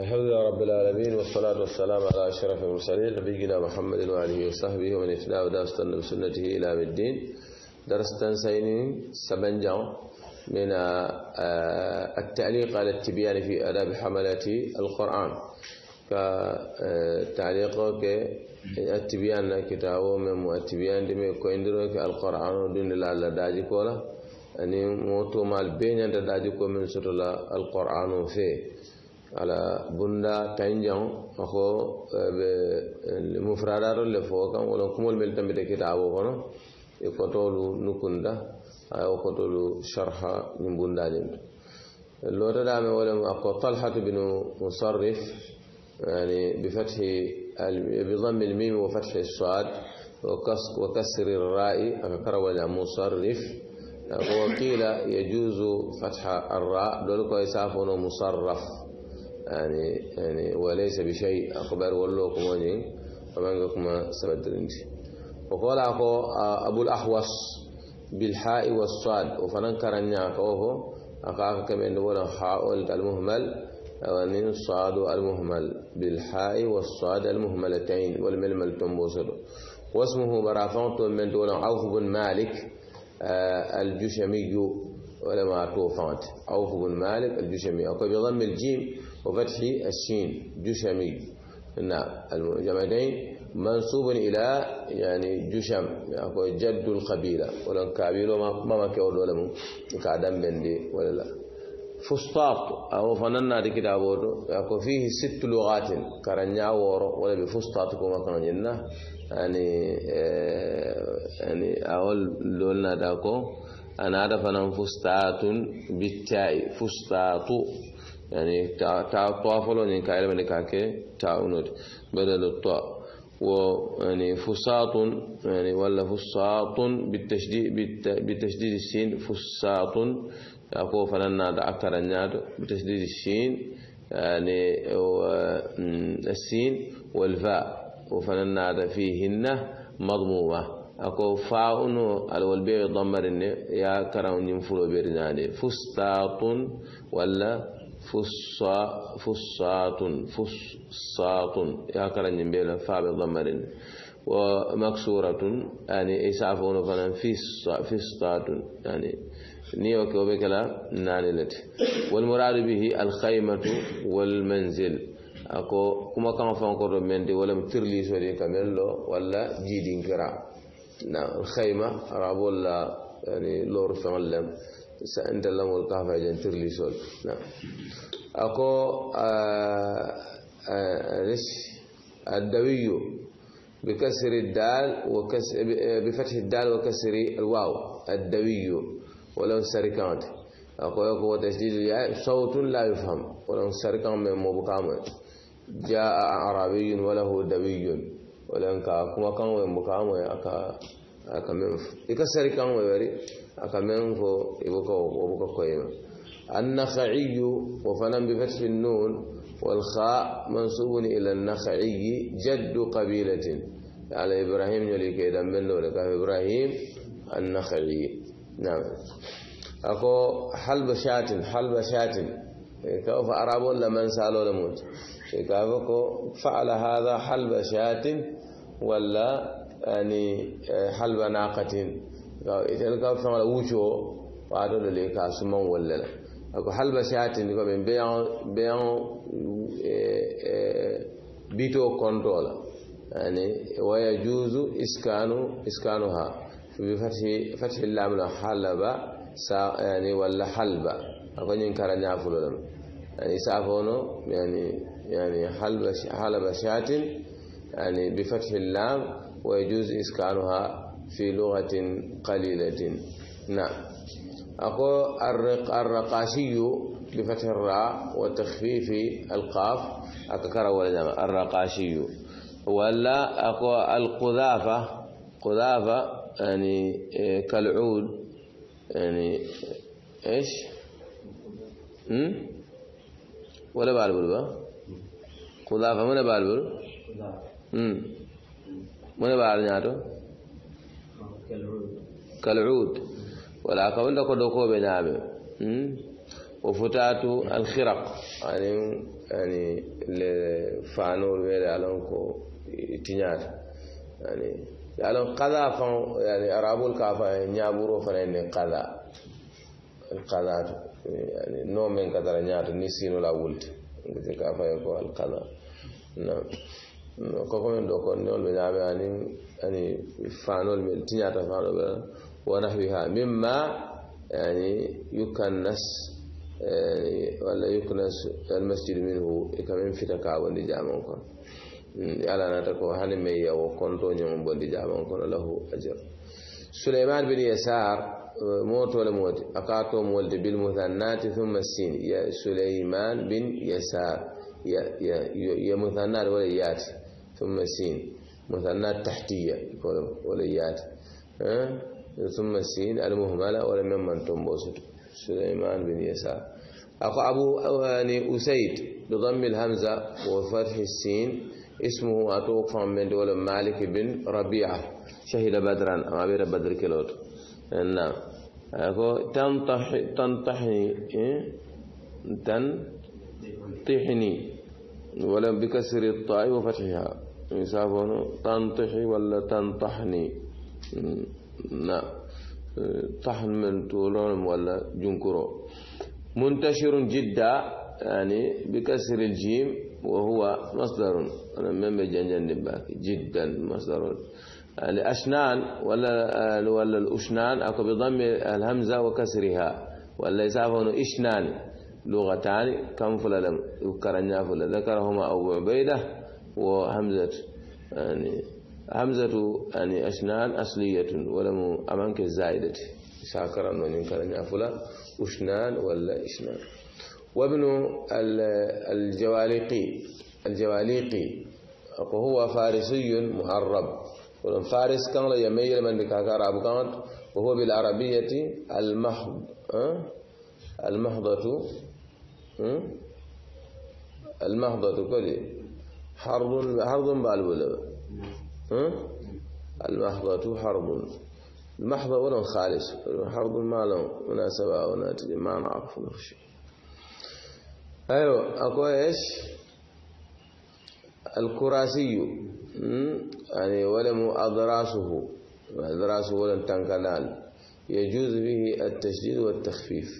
الحمد لله رب العالمين والصلاة والسلام على أشرف المرسلين نبينا محمد وآله وصحبه ومن اهتدى ودرستن بسنته إلى الدين درستن سينين سبنجا من آه، التعليق على التبيان في آداب حملة القرآن كتعليق التبيان كتابه من التبيان دمي كويندروك القرآن دون الله داجي كولا أني موتو مال بين داجي من سورة القرآن فيه على بندا تنجان أخو مفرادات اللي فوقا ولو كمول ملتم بتكتابه كنا يكتولو نكندا أو كتولو شرحا من بندا جمت لو تدعم ولا أقو طلحة بن مصرف يعني بفتح بضم الميم وفتح الصاد وكسر الراء أكروا مصرف وقيل يجوز فتح الراء دولكو يسافون مصرف يعني يعني وليس بشيء أخبار ولو كماني فمن كما سبد رنتي وقال آه، أبو الأحوص بالحاء والصاد وفنان كرنيا كوهو أقاك كمين دولا حاء المهمل أغنين صاد المهمل بالحاء والصاد المهملتين والململ تنبوصر واسمه برافونت من دون عوف بن مالك آه، الجشمي ولما توفانت عوف بن مالك الجشمي أو بضم الجيم وفتح الشين جشمي نعم الجمعين منصوب إلى يعني جشم يعني جد القبيلة ولن كابيلو ما ما كيول ولا من كادم بندي ولا لا فسطاط أو فننا دي كتابه يعني فيه ست لغات كرنيا وورو ولا بفسطاط كما كانوا جنة يعني آه، يعني أول لولنا داكو أنا هذا انا فسطاط بالتاء فسطاط يعني تا تا طافلون يعني من كاكي تا تاونوت بدل الطاء يعني فساط يعني ولا فساط بالتشديد بتشديد السين فساط أكو فلنا أكثر النار بتشديد السين يعني السين والفاء وفلنا فيهن مضمومه ako فاء انه be damarin ne ya karawo nyin fulo bernaade فصا فصات فصات يا كلام جميل فاب الضمر ومكسورة يعني إسافون فلا فص فصات يعني نيو كوبكلا نانيلت والمراد به الخيمة والمنزل أكو كما كان فانكر من دي ولم ترلي سوري كاميلو ولا جيدين كرا نعم الخيمة رابو يعني لور فعلم سأنت لم القهفة جنتر لي سول نعم أكو ليش آه، آه، آه، الدوي بكسر الدال وكس بفتح الدال وكسر الواو الدوي ولو سركانت أكو يكو تشديد الياء صوت لا يفهم ولو سركان من مبقامة جاء عربي وله دوي ولن كما كان مقام أكا النخعي وفلم بفتح النون والخاء منصوب إلى النخعي جد قبيلة على إبراهيم يلي كيدا من لك إبراهيم النخعي نعم أكو حلب شاتن حلب شاتن كوف أراب ولا لمن سالوا لموت كافكو فعل هذا حلب شاتن ولا ani halba naqatin itel ka fanga wucho wato da le ka suman wallala ko halba shatin ko ben bayan bayan bito controla yani wa yajuzu iskanu iskanuha bi fathi fathi lam la halaba sa yani wala halba ko nyin karanya fulo يعني سافونو يعني يعني حلب حلب شات يعني بفتح اللام ويجوز إسكانها في لغة قليلة نعم أقول الرق الرقاشي بفتح الراء وتخفيف القاف أكثر ولا الرقاشي ولا أقول القذافة قذافة يعني إيه، كالعود يعني ايش؟ هم ولا بالبل قذافة من بالبل؟ امم mune ɓaarñaato kalud wala ka wonta ko dokoɓe ñaame hmm? o futatu alhiraq anin ani le fanol weere alon ko tiñaata ani alon kaza fan ani arabol ka fan ñaaburo fana nden kaza alkazatu ani no men kadara ñaata ni sinola wulte gitin ka fa ko alkaza nam كوكوين دوكون نول بدابة أني أني فانول بل تنياتا فانول بل ونحوها مما يعني يكنس يعني ولا يكنس المسجد منه كمن في تكاو لجامعكم يالا نتكو هل مي وكنتو نيم بندي جامعكم له أجر سليمان بن يسار موت ولا موت أقاتو مولد بالمثنات ثم السين يا سليمان بن يسار يا يا يا مثنات ولا ياتي ثم سين مثنى تحتية وليات أه؟ ثم سين المهملة ولم يمن تنبوس سليمان بن يسار أخو أبو أواني يعني أسيد بضم الهمزة وفتح السين اسمه أتوقف من دول مالك بن ربيعة شهد بدرا بير بدر كيلوت نعم أخو تنطح تنطحني إيه؟ تنطحني ولم بكسر الطاء وفتحها يسافون تنطحي ولا تنطحني نعم طحن من طولهم ولا جنكرو منتشر جدا يعني بكسر الجيم وهو مصدر أنا ما بجنجن باكي جدا مصدر يعني أشنان ولا ولا الأشنان أكو بضم الهمزة وكسرها ولا يسافون إشنان لغتان كم فللم فلا ذكرهما أبو عبيده وهمزة يعني همزة يعني أشنان أصلية ولم أمانك الزائدة شاكرا من كان يفلا أشنان ولا إشنان وابن الجواليقي الجواليقي وهو فارسي معرب ولم فارس كان لا يميل من كاكار أبو كانت وهو بالعربية المحض المحضة المحضة كلي حرب حرب بالبلب المحضة حرب المحضة ولو خالص حرب ما له مناسبة ولا ما نعرف شيء أيوة أكو إيش الكراسي يعني ولم أضراسه أضراسه ولم تنقلان يجوز به التشديد والتخفيف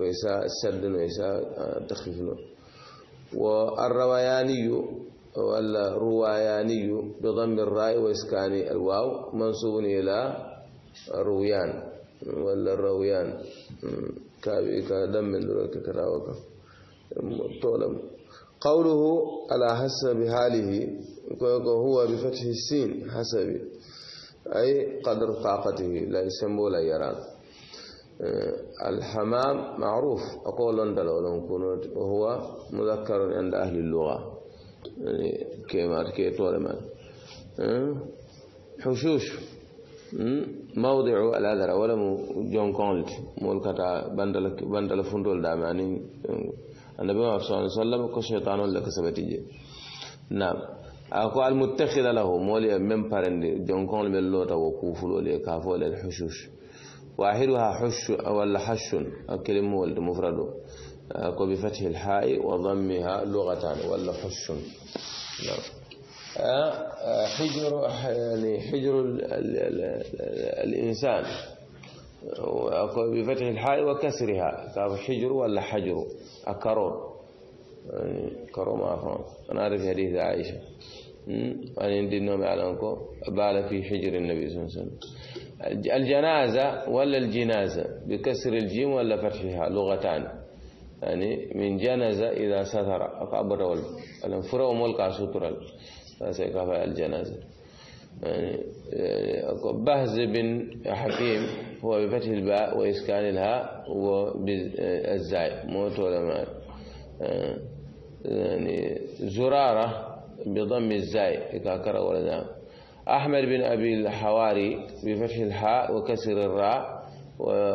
ويسا السرد ويسا التخفيف والروياني روياني بضم الراء وإسكان الواو منصوب إلى رويان ولا الرويان كابي كدم كراوك طولم قوله على حسب حاله هو بفتح السين حسب أي قدر طاقته لا يسمو ولا يرى الحمام معروف أقول أن وهو مذكر عند أهل اللغة يعني كي ماركيت ولا ما حشوش موضع الأذرة ولا جون كونت كونلت مولكتا بندل بندل فندول دام يعني النبي صلى الله عليه وسلم كو شيطان لك سبتيجي نعم أكو المتخذ له مولي من بارند جون كونل من لوتا وكوفل ولا كافول الحشوش واحدها حش أو الحش الكلمة مفرده وبفتح بفتح الحاء وضمها لغة ولا حش نعم آه، آه، حجر يعني حجر الإنسان وبفتح بفتح الحاء وكسرها حجر ولا حجر أكرون يعني كرم أخوان أنا أعرف حديث عائشة أن النوم على أنكو بال في حجر النبي صلى الله عليه وسلم الجنازة ولا الجنازة بكسر الجيم ولا فتحها لغتان يعني من جنازة إذا ستر قبر ول مول ملك ستر فسيكفى الجنازة يعني بهز بن حكيم هو بفتح الباء وإسكان الهاء وبالزاي موت ولا مات يعني زرارة بضم الزاي إذا ولا ذا أحمد بن أبي الحواري بفتح الحاء وكسر الراء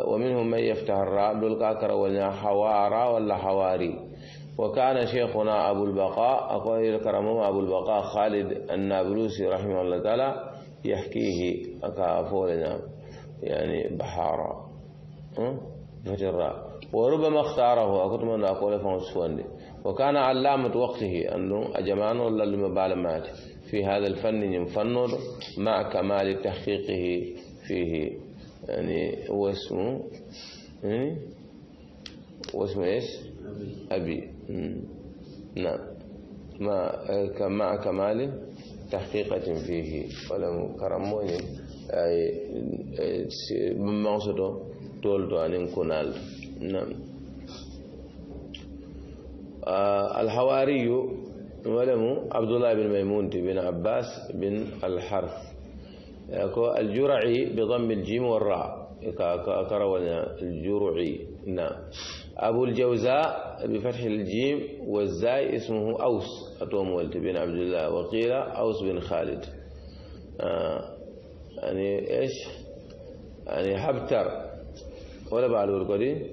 ومنهم من يفتح الراء بلقى كرولنا حوارا ولا حواري وكان شيخنا أبو البقاء أقول كرمه أبو البقاء خالد النابلسي رحمه الله تعالى يحكيه أكافولنا يعني بحارة فجراء وربما اختاره أكتم أن أقول فمسفوندي وكان علامة وقته أنه أجمان ولا المبالمات في هذا الفن ينفنر مع كمال تحقيقه فيه يعني هو اسمه يعني هو اسمه ايش أبي أمم. نعم ما مع كمال تحقيقة فيه ولم كرموني يعني، أي منصده تولد عن كنال نعم آه، الحواري ولم عبد الله بن ميمون بن عباس بن الحرث الجرعي بضم الجيم والراء كرونا الجرعي نعم أبو الجوزاء بفتح الجيم والزاي اسمه أوس أتوم ولد بن عبد الله وقيل أوس بن خالد آه يعني إيش يعني حبتر ولا بعلو القديم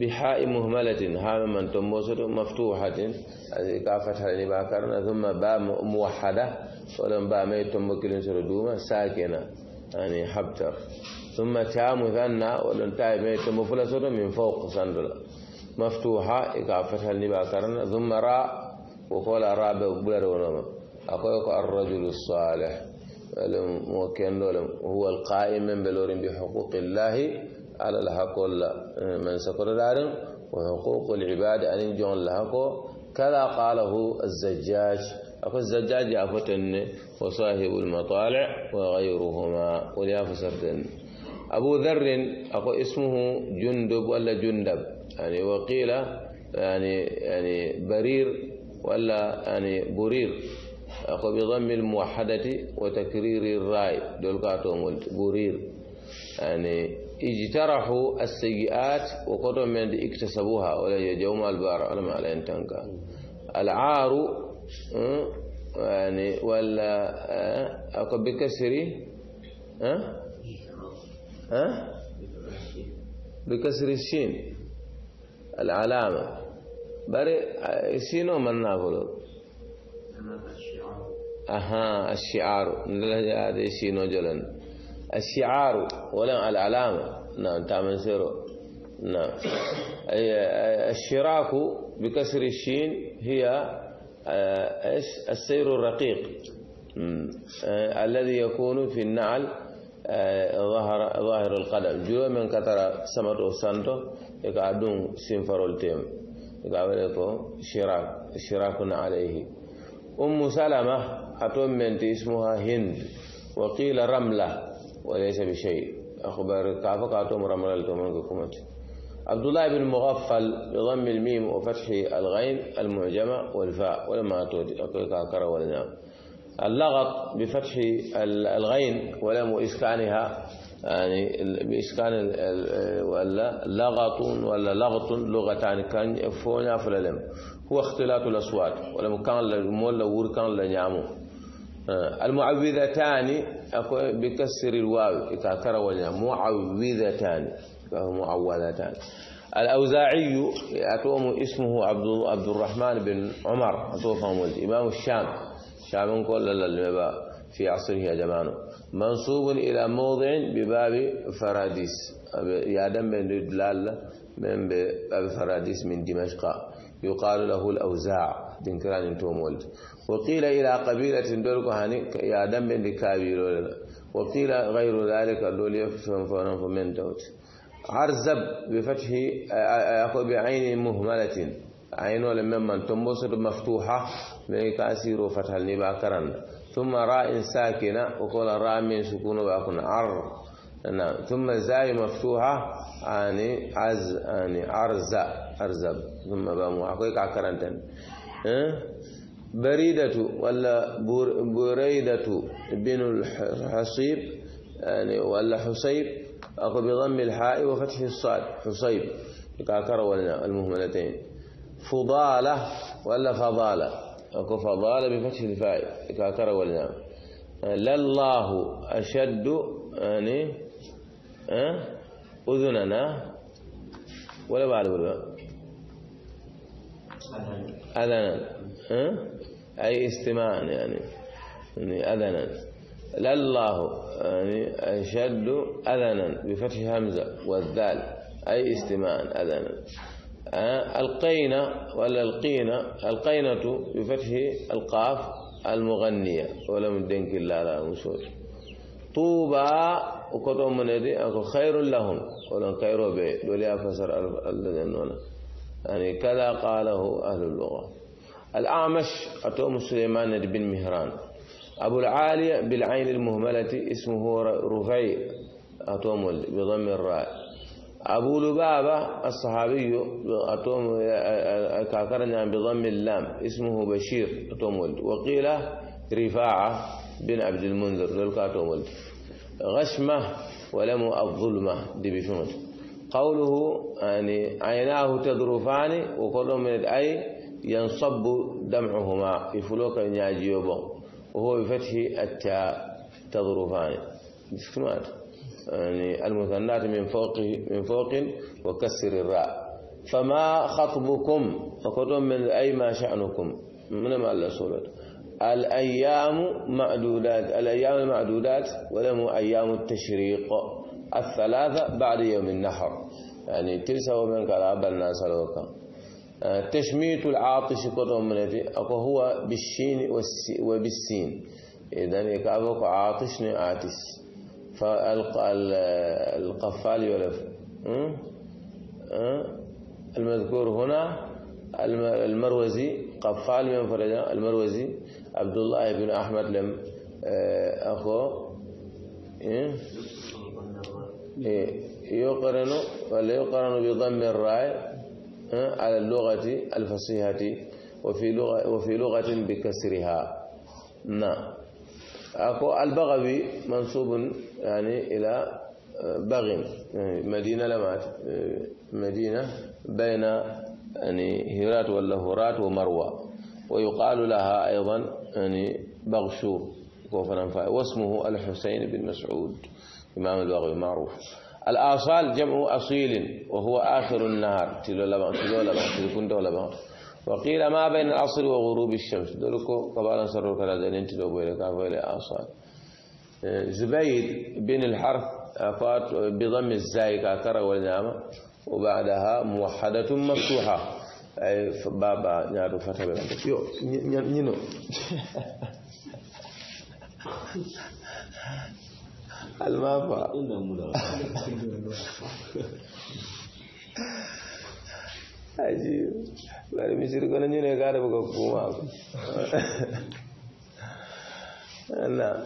بحاء مهملة ها من تموسد مفتوحة يعني كافتها لباكرنا يعني ثم باء موحدة ولم بامي تمكلين سردوما ساكنة يعني حبتر ثم تام ثنا ولن تاي مي من فوق سندلا مفتوحة إقافتها فتح النبا كرنا ثم را وقال رابع ببلر ونما أقولك الرجل الصالح هو القائم من بلور بحقوق الله على الحق من سكر دارم وحقوق العباد أن ينجون لهكو كذا قاله الزجاج أخو الزجاج يافتن وصاحب المطالع وغيرهما وليافسرتن أبو ذر أخو اسمه جندب ولا جندب يعني وقيل يعني يعني برير ولا يعني برير أخو بضم الموحدة وتكرير الراي دول قاتهم برير يعني اجترحوا السيئات وقدروا من اكتسبوها ولا يجوم البار على ما على العار يعني ولا أقول بكسر ها ها بكسر الشين العلامة بري سينو من نقوله أها الشعار هذا سينو جلن الشعار ولا العلامة نعم تعمل سيرو نعم الشراك بكسر الشين هي ايش آه، السير الرقيق آه، الذي يكون في النعل آه، ظهر ظاهر القدم جو من كتر سمتو وسانتو يقعدون سينفرول تيم يقعدون شراك شراك عليه أم سلمة اتوم من اسمها هند وقيل رملة وليس بشيء أخبار كافك اتوم رملة لكم عبد الله بن مغفل بضم الميم وفتح الغين المعجمة والفاء ولما تذكر والنام اللغط بفتح الغين ولم إسكانها يعني بإسكان ولا لغط ولا لغط لغتان كان فونا فللم هو اختلاط الأصوات ولم كان المول ور كان لنعمو آه، المعوذتان بكسر الواو إذا كروا نعم، معوذتان معولتان الأوزاعي أتوم اسمه عبد عبد الرحمن بن عمر أتوفهم إمام الشام شام كل المبا في عصره يا جمانه منصوب إلى موضع بباب فراديس يا دم بن دلال من باب فراديس من دمشق يقال له الأوزاع دنكران توم ولد وقيل إلى قبيلة دولكو هاني يا دم بن وقيل غير ذلك دولي فمن دوت عرزب بفتح آه، آه، بعين مهملة عين لما من تنبصر مفتوحة بكاسير فتح النبا ثم راء ساكنة وقول راء من سكون وأكون عر ثم زاي مفتوحة يعني عز يعني عرز أرزب ثم بامو أكوي كرنتن أه؟ بريدة ولا بريدة بن الحصيب يعني ولا حصيب أو بضم الحاء وفتح الصاد حصيب كاكر المهملتين فضالة ولا فضالة أكو فضالة بفتح الفاء كاكر والنام لله أشد يعني أه؟ أذننا ولا بعد ولا أذنا أه؟ أي استماع يعني, يعني أذنا لله يعني أشد أذنا بفتح همزة والذال أي استماعا أذنا آه، القينة ولا القينة القينة بفتح القاف المغنية ولم دنك الله لا مسؤول طوبى وكتب من يدي أكو خير لهم ولا خير به ولا فسر الذين يعني كذا قاله أهل اللغة الأعمش أتوم سليمان بن مهران أبو العالية بالعين المهملة اسمه رفيع أتوم بضم الراء أبو لبابة الصحابي أتوم بضم اللام اسمه بشير أتوم وقيل رفاعة بن عبد المنذر للكاتوم غشمة ولم الظلمة دي بشمت. قوله يعني عيناه تذرفان وكل من أي ينصب دمعهما يفلوك يجيبه وهو بفتح التاء تظرفان يعني المثنات من فوق من فوق وكسر الراء فما خطبكم فقدم من أي ما شأنكم من ما الأصولة الأيام معدودات الأيام المعدودات ولم أيام التشريق الثلاثة بعد يوم النحر يعني تلسوا من قرابه الناس الوكا تشميت العاطش كتم نتي اكو هو بالشين وبالسين اذا كابو عاطش عاتش فالقفال يلف المذكور هنا المروزي قفال من فرج المروزي عبد الله بن احمد لم آه، اخو إيه؟ إيه، يقرن ولا يقرن بضم الراء على اللغة الفصيحة وفي لغة وفي لغة بكسرها نعم أكو البغوي منسوب يعني إلى آه، بغن يعني مدينة لمات آه، مدينة بين يعني هرات ولا هرات ومروى ويقال لها أيضا يعني بغشو واسمه الحسين بن مسعود إمام البغوي معروف الآصال جمع أصيل وهو آخر النهار تلو لبا تلو لبا تلو كنت لبا وقيل ما بين العصر وغروب الشمس دولكو قبالا سرور كلا دلين تلو بويلة كافويلة آصال آه، زبيد بن الحرث أفات آه، بضم الزاي كاكرة والنعمة وبعدها موحدة مفتوحة أي بابا نعرف فتح يو نينو المنفعة عجيب bari misiri kono ñu ne kaare bu ko kuma ko na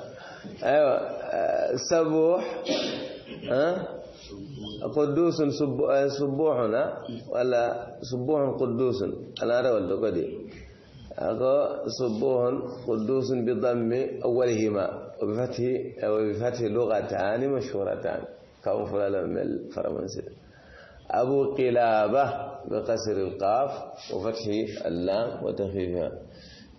قدوس سبوح ولا سبوح قدوس انا ارى ولا قدي سبوح قدوس بضم اولهما وبفتح وبفتح لغتان مشهورتان كون فلان من الفرنسي أبو قلابة بقصر القاف وفتح اللام وتخفيفها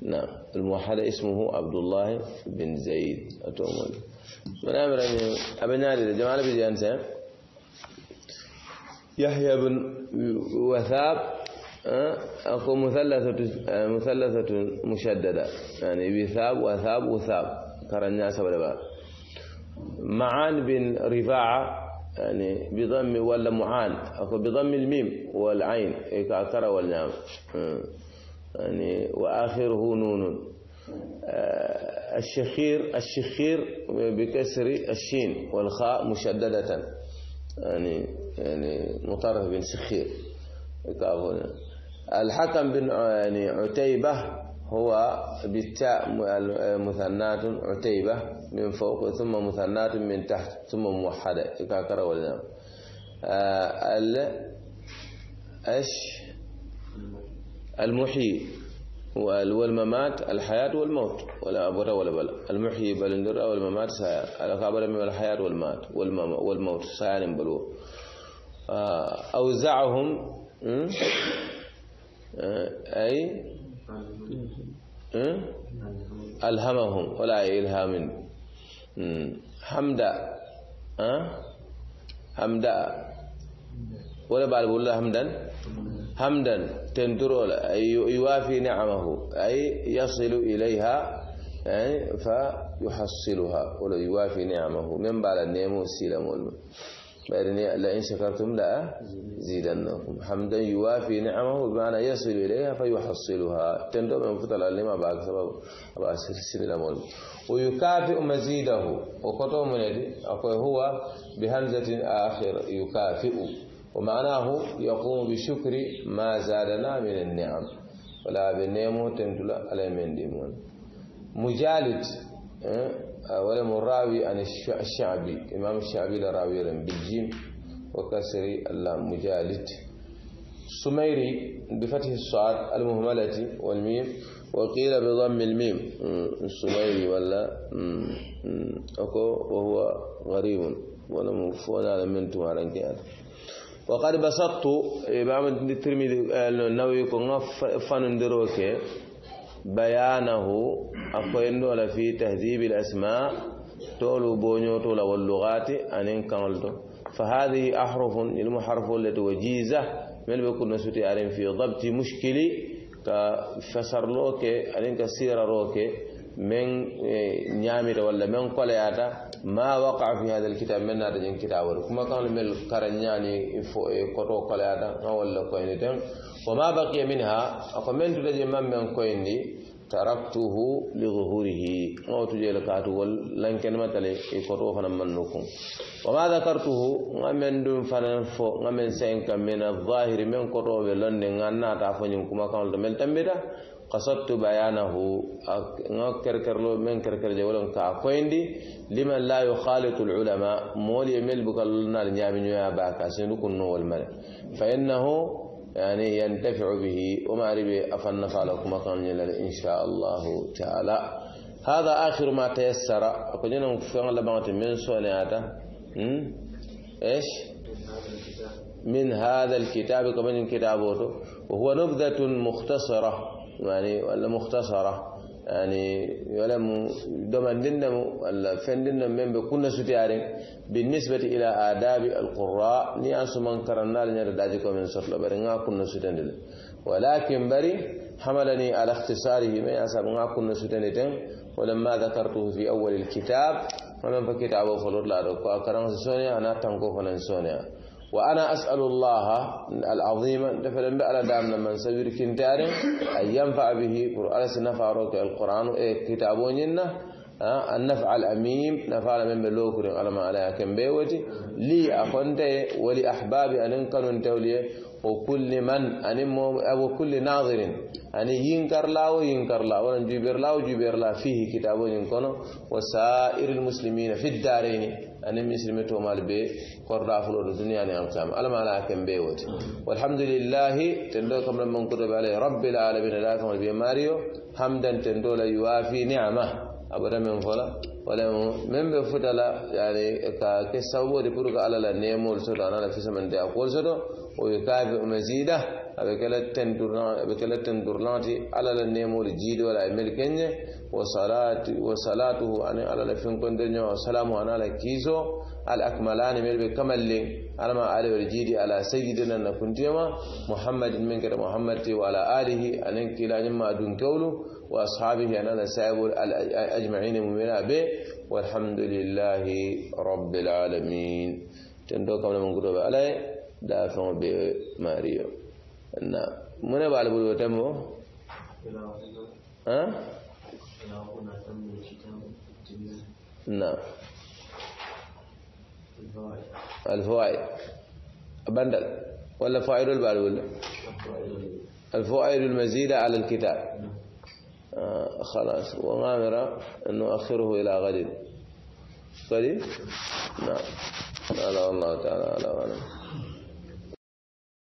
نعم الموحد اسمه عبد الله بن زيد اتومن من أمر أبناء الجماعة بدي أنسى يحيى بن وثاب اقول أه؟ مثلثة مثلثة مشددة يعني وثاب وثاب وثاب ولا سبلبا معان بن رفاعة يعني بضم ولا معان أو بضم الميم والعين إكاكرة والنام يعني وآخره نون آه، الشخير الشخير بكسر الشين والخاء مشددة يعني يعني مطرف بن سخير الحكم بن يعني عتيبة هو بالتاء مثنات عتيبة من فوق ثم مثنات من تحت ثم موحدة كاكرا والنام آه، ال أش المحيي والممات الحياة والموت ولا أبرا ولا بلا المحيي بلندرة والممات ساير الأكابر من الحياة والمات والموت سيان بلو آه، أوزعهم آه، أي ألهمهم ولا إلهام حمدا حمدا ولا بعد بقول له حمدا حمدا تندر يوافي نعمه أي يصل إليها يعني فيحصلها ولا يوافي نعمه من بعد النعم والسلام والمن بأرني لئن شكرتم لا زيدنكم حمدا يوافي نعمه بمعنى يصل إليها فيحصلها تندو من فتل لما بعد سبب أباسر سنلمون ويكافئ مزيده وقطو من أقول هو بهمزة آخر يكافئ ومعناه يقوم بشكر ما زادنا من النعم ولا بنعمه تندل على من ديمون مجالد اه؟ ولم الراوي عن الشعبي إمام الشعبي لراوي بالجيم وكسر مجالد سميري بفتح الصاد المهملة والميم وقيل بضم الميم سميري ولا أكو وهو غريب ولا مفونا على من تمارن وقد بسطت إمام الترمذي آه، النووي كنا فنندروك بيانه أخوين على في تهذيب الأسماء تولو بونيو ولا واللغات أنين كانلتو فهذه أحرف المحرف التي وجيزة من بيكون نسوتي أرين في ضبط مشكلي كفسر لوكي أنين كسير روكي من إيه، نيامي ولا من قلياتا ما وقع في هذا الكتاب من هذا الكتاب كما كان من القرنياني كتو إيه، قلياتا ولا كوينتم وما بقي منها أقمنت لجي من من كويني تركته لظهوره أو تجيل كاتو لن كلمة إيه، لي كتو فنم منكم وما ذكرته من دون فنم فو من سينك من الظاهر من كتو بلن نغانا تعفو نكما كان لمن تنبدا قصدت بيانه كرلو من كركر جولم كاكويندي لمن لا يخالط العلماء مولي يمل بكالنا نيامي يا باكا سنكون نول فانه يعني ينتفع به وما ربي افن فالكم ان شاء الله تعالى هذا اخر ما تيسر كنا نفهم لبعض من سونياتا ايش من هذا الكتاب كمان كتابه وهو نبذة مختصرة يعني ولا مختصرة يعني ولا دمن ولا فن من بكون سوتيارين بالنسبة إلى آداب القراء ني من كرنا لنا من سفلا برنا كنا سوتين ولكن بري حملني على اختصاره ما يسب كنا سوتين ولما ذكرته في أول الكتاب ومن ابو فلور لا دوكو أكرم سونيا أنا تنكو فلن سونيا وأنا أسأل الله العظيم دفلن بألا دامنا لما سبير كنتار أن ينفع به قرآن سنفع روك القرآن إيه، كتابون ينه أن نفعل أميم نفعل أميم ملوك على ما عليها كم بيوتي لي أخنتي ولي أحبابي أن ينكروا تولي وكل من أن أو كل ناظر أن ينكر لا وينكر لا ولن جبر لا وجبر لا فيه كتاب ينكر وسائر المسلمين في الدارين أن المسلمين تومال بي قرر أفلور الدنيا أن نعم يمكام على ما عليها كم بيوتي والحمد لله تندوكم لما كتب عليه رب العالمين لا تمر بي ماريو حمدا تندول يوافي نعمه abada min fola wala min be futala yani e ka ke sabuwa de pour ka alala nemo so da na fisa man de akol so do o ka be mazida بكلا تندرلانتي على النمو الجيد ولا ملكين وصلاته أنا على الفنقن دنيا وسلام أنا على كيزو الأكملان مل بكمل لين أنا ما على الجيد على سيدنا نكنتيما محمد من كر محمد وعلى آله أنا كلا جمع دون كولو وأصحابه أنا سائب الأجمعين ممنا به والحمد لله رب العالمين تندوكم لمن قدوا بألي دافعوا بماريو na mune ɓaali ɓuri o tembo na alfawaid bandal ولا فائدة ولا الفوائد المزيدة على الكتاب آه خلاص وغامرة نؤخره إلى غد غد طيب؟ نعم لا والله تعالى على أعلم